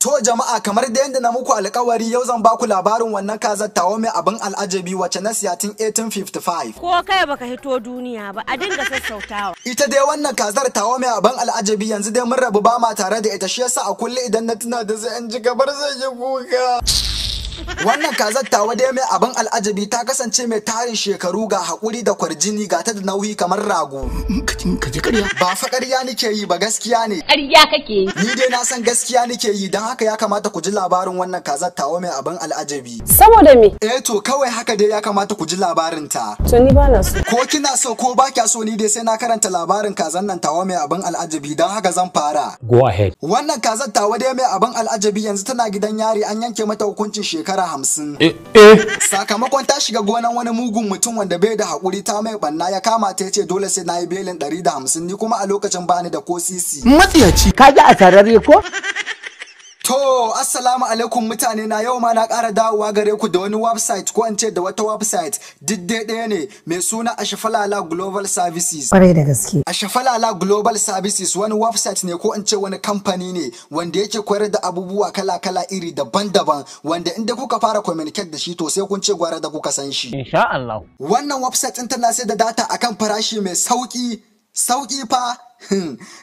To jama'a kamar da yadda na muku alkawari yau zan baku labarin wannan kazar tawo mai abin al'ajabi wacce na siya 1855. Ko kai baka hito duniya ba a dinga sassautawa. Ita dai wannan kazar tawo mai abin al'ajabi yanzu dai mun rabu ba ma tare da ita shi yasa a kulle idan na tuna da zai an ji gabar zai yi kuka. Wannan kazar tawa dai mai abin al'ajabi ta kasance mai tarin shekaru ga haƙuri da kwarjini ga ta da nauyi kamar rago. Ka ji ƙarya? Ba fa ƙarya nake yi ba gaskiya ne. Ƙarya kake yi. Ni dai na san gaskiya nake yi don haka ya kamata ku ji labarin wannan kazar tawa mai abin al'ajabi. Saboda me? Eh to kawai haka dai ya kamata ku ji labarin ta. To ni ba na so. Ko kina so ko ba kya so ni dai sai na karanta labarin kazan nan tawa mai abin al'ajabi don haka zan fara. Go ahead. Wannan kazar tawa dai mai abin al'ajabi yanzu tana gidan yari an yanke mata hukuncin shekaru shekara hamsin. Eh, eh. Sakamakon ta shiga gonan wani mugun mutum wanda bai da haƙuri ta mai banna ya kama ta ce dole sai na yi belin ɗari da hamsin ni kuma a lokacin bani da ko sisi. Matsiyaci. Ka ji a tarar ko? assalamu alaikum mutane na yau ma na ƙara dawowa gare ku da wani website ko an ce da wata website duk ɗaya ne mai suna Ashafalala Global Services. Ƙwarai da gaske. Ashafalala Global Services wani website ne ko an ce wani kamfani ne wanda yake koyar da abubuwa kala-kala iri daban-daban wanda inda kuka fara communicate da shi to sai kun ce gwara da kuka san shi. Insha Allah. Wannan website ɗin tana sai da data akan farashi mai sauƙi sauƙi fa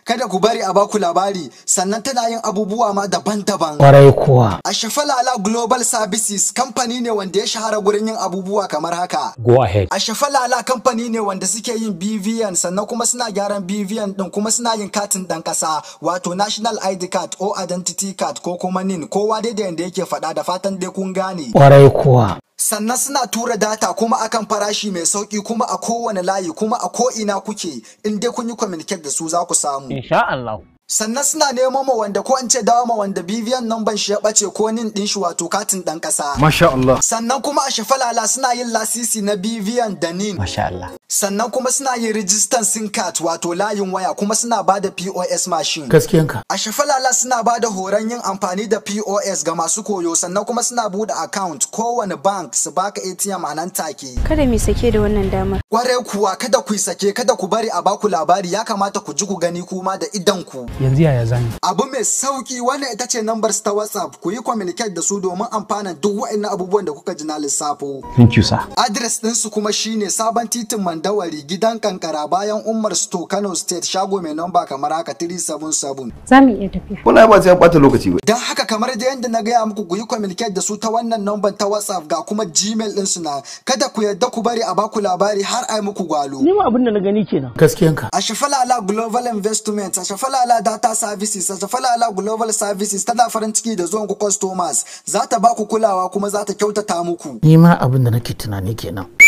kada ku bari a baku labari sannan tana yin abubuwa ma daban-daban. Kwarai kuwa. A Shafala Global Services kamfani ne wanda ya shahara gurin yin abubuwa kamar haka. Go ahead. A Shafala kamfani ne wanda suke yin BVN sannan kuma suna gyaran BVN din kuma suna yin katin dan kasa wato National ID card or Identity card ko kuma NIN kowa dai da yanda yake faɗa da fatan dai kun gane. Kwarai kuwa. sannan suna tura data kuma akan farashi mai sauki kuma a kowane layi kuma a ko'ina kuke in dai kun yi communicate da su za ku samu insha Allah sannan suna nemo ma wanda ko an ce dawo ma wanda bibiyan namban shi ya bace ko nin din shi wato katin ɗan ƙasa. masha Allah sannan kuma a shafalala suna yin lasisi na bibiyan da nin masha Allah sannan kuma suna yin rijistan sim card wato layin waya kuma suna ba da POS machine. Gaskiyanka. A shafalala suna ba da horon yin amfani da POS ga masu koyo sannan kuma suna buɗe account kowane bank su baka ATM a nan take. Kada mu sake da wannan damar. Kware kuwa kada ku sake kada ku bari a baku labari ya kamata ku ji ku gani kuma da idan ku. Yanzu yaya zani. Abu mai sauki wannan ita ce number ta WhatsApp ku yi communicate da su domin amfana duk wa'annan abubuwan da kuka ji na lissafo. Thank you sir. Address ɗinsu kuma shine sabon titin dawari gidan kankara bayan umar sto kano state shago mai namba kamar haka 377 za iya tafiya kuna ba sai bata lokaci ba dan haka kamar da yanda na gaya muku kuyi communicate da su ta wannan number ta whatsapp ga kuma gmail din su na kada ku yarda ku bari a baku labari har ai muku gwalo ni ma abin da na gani kenan ka. a shafalala global investment a shafalala data services a shafalala global services tana farin ciki da zuwan ku customers za ta ba kulawa kuma za ta kyautata muku ni ma abin da nake tunani kenan